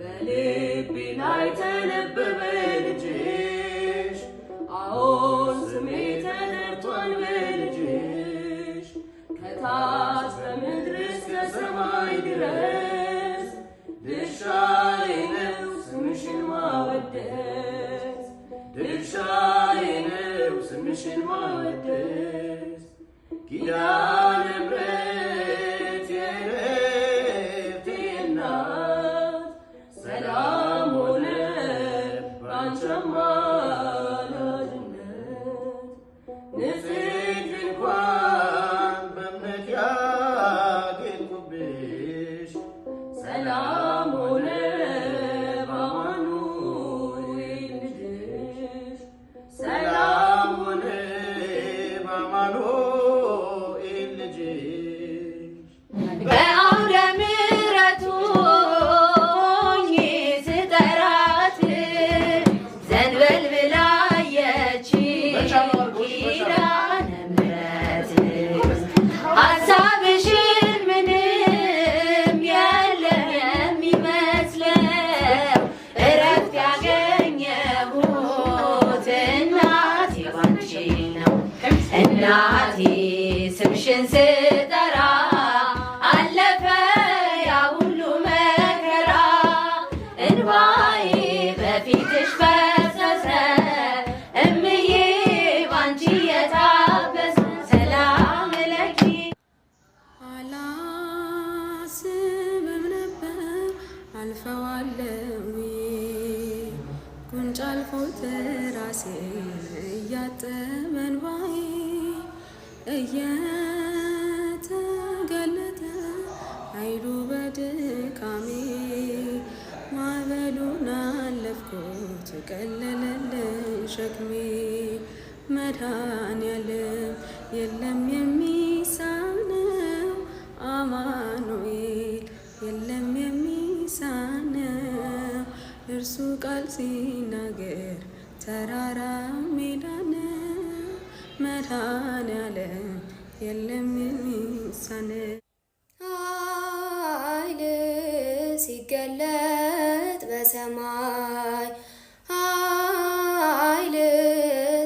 بلي بنايت نبب الجيش عون سميت نرطن بالجيش كتاج بمدرس كسما يدرس دشاري نفس مشن ما ودس دشاري نفس مشن ما ودس كده እናቴ ስምሽን ስጠራ አለፈ ያ ሁሉ መከራ እንባዬ በፊትሽ ፈሰሰ እምዬ ባንቺ የታበሰ ሰላም ለኪ አላስብም ነበር አልፈዋለው ጉንጭ አልፎት ራሴ እያጠ እየተገለጠ ኃይሉ በድካሜ ማዕበሉን አለፍኩት ቀለለልኝ ሸክሜ። መድኃኔዓለም የለም የሚሳነው አማኑኤል የለም የሚሳነው እርሱ ቃል ሲናገር ተራራ ሜዳን መድኃኒዓለም የለም የሚሳነ ኃይል ሲገለጥ በሰማይ ኃይል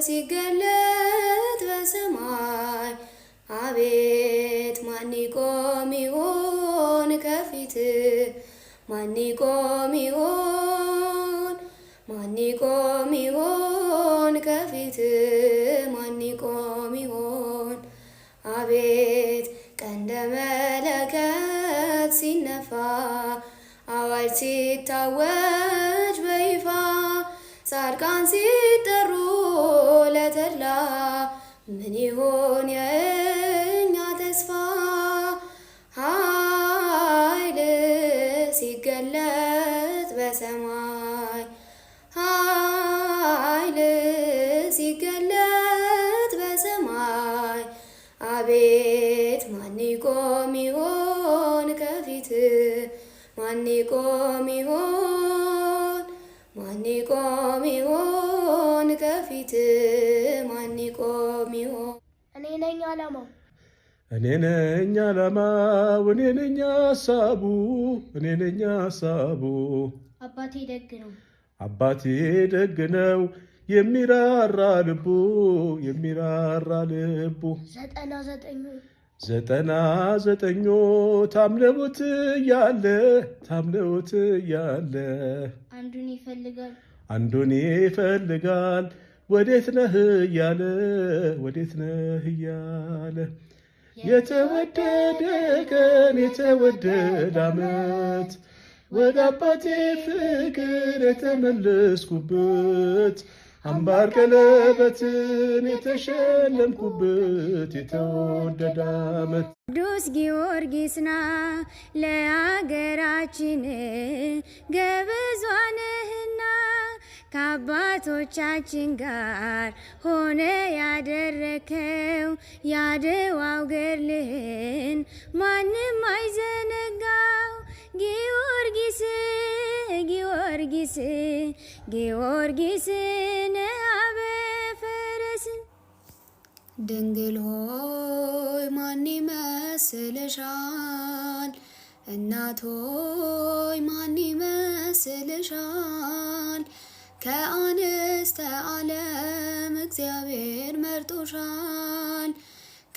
ሲገለጥ በሰማይ አቤት ማን ይቆም ይሆን ከፊት ማን ይቆም ይሆን ማን ይቆም አቤት ቀንደ መለከት ሲነፋ አዋጅ ሲታወጅ በይፋ ጻድቃን ሲጠሩ ለተድላ ምን ይሆን ያ ቆም ይሆን ከፊት ማን ቆም ይሆን ማን ቆም ይሆን ከፊት ማን ቆም ይሆን እኔ ነኝ አላማው እኔ ነኝ አላማው እኔ ነኝ ሀሳቡ እኔ ነኝ ሀሳቡ አባቴ ደግ ነው አባቴ ደግ ነው የሚራራ ልቡ የሚራራ ልቡ ዘጠና ዘጠኙ ዘጠና ዘጠኞ ታምነውት ያለ ታምነውት ያለ አንዱን ይፈልጋል ወዴት ነህ እያለ ወዴት ነህ እያለ የተወደደ ቀን የተወደደ አመት ወደ አባቴ ፍቅር የተመለስኩበት አምባር ቀለበትን የተሸለምኩበት የተወደደ ዓመት ቅዱስ ጊዮርጊስና ለአገራችን ገበዟ ከአባቶቻችን ጋር ሆነ ያደረከው ያደዋው ገድልህን ማንም አይዘነጋው። ጊዮርጊስ ጊዮርጊስ ጊዮርጊስ ድንግል ሆይ ማን ይመስልሻል? እናት ሆይ ማን ይመስልሻል? ከአንስተ ዓለም እግዚአብሔር መርጦሻል።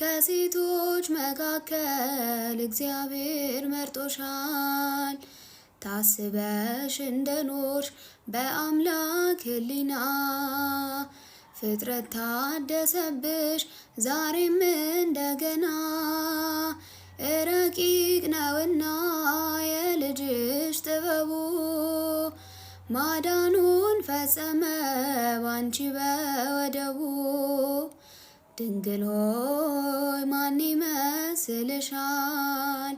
ከሴቶች መካከል እግዚአብሔር መርጦሻል። ታስበሽ እንደኖርሽ በአምላክ ሕሊና ፍጥረት ታደሰብሽ ዛሬም እንደገና ረቂቅ ነውና የልጅሽ ጥበቡ ማዳኑን ፈጸመ ባንቺ በወደቡ ድንግል ሆይ ማን ይመስልሻል?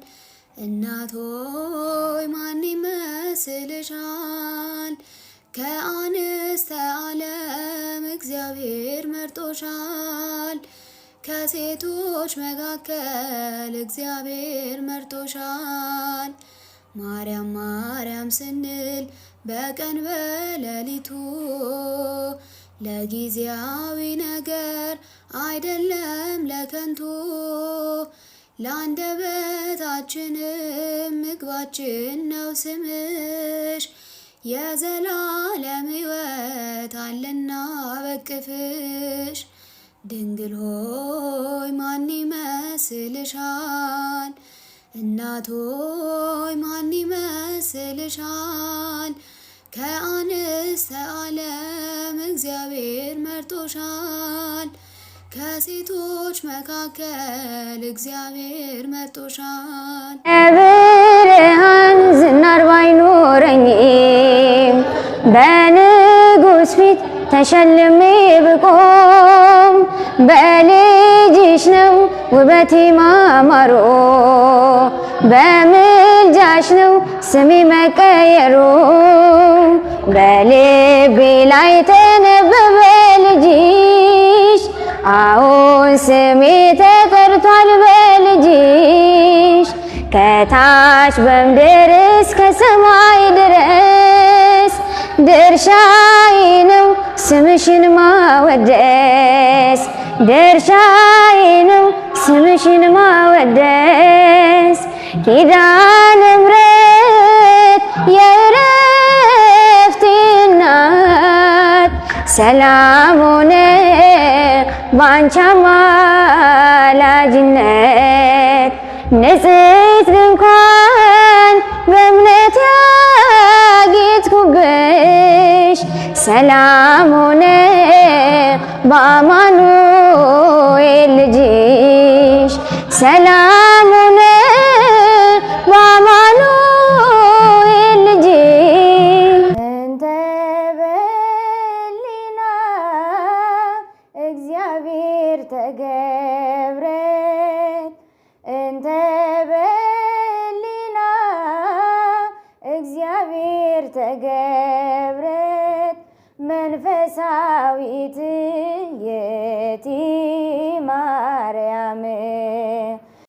እናት ሆይ ማን ይመስልሻል? ከአንስተ እግዚአብሔር መርጦሻል። ከሴቶች መካከል እግዚአብሔር መርጦሻል። ማርያም ማርያም ስንል በቀን በሌሊቱ ለጊዜያዊ ነገር አይደለም ለከንቱ ለአንደበታችንም ምግባችን ነው ስምሽ የዘላለም ሕይወት አለና በቅፍሽ ድንግል ሆይ ማን ይመስልሻል? እናቶይ ማን ይመስልሻል? ከአንስተ ዓለም እግዚአብሔር መርጦሻል። ከሴቶች መካከል እግዚአብሔር መርጦሻል። ብርሃን ዝናር ባይኖረኝ በንጉሥ ፊት ተሸልሜ ብቆም በልጅሽ ነው ውበቴ ማማሮ በምልጃሽ ነው ስሜ መቀየሮ በልቤ ላይ ተነበበ ልጅሽ አሁን ስሜ ተጠርቷል በልጅሽ ከታች በምድር እስከ ሰማይ ድረስ ድርሻዬ ነው ስምሽን ማወደስ ድርሻዬ ነው ስምሽን ማወደስ ኪዳነ ምሕረት የእረፍቴ እናት ሰላም ሆነ በአንቺ አማላጅነት Selamune bamanu elciş Selamune bamanu elciş Ente bellina egziyabir tegevret Ente bellina egziyabir tegevret መንፈሳዊት የቲ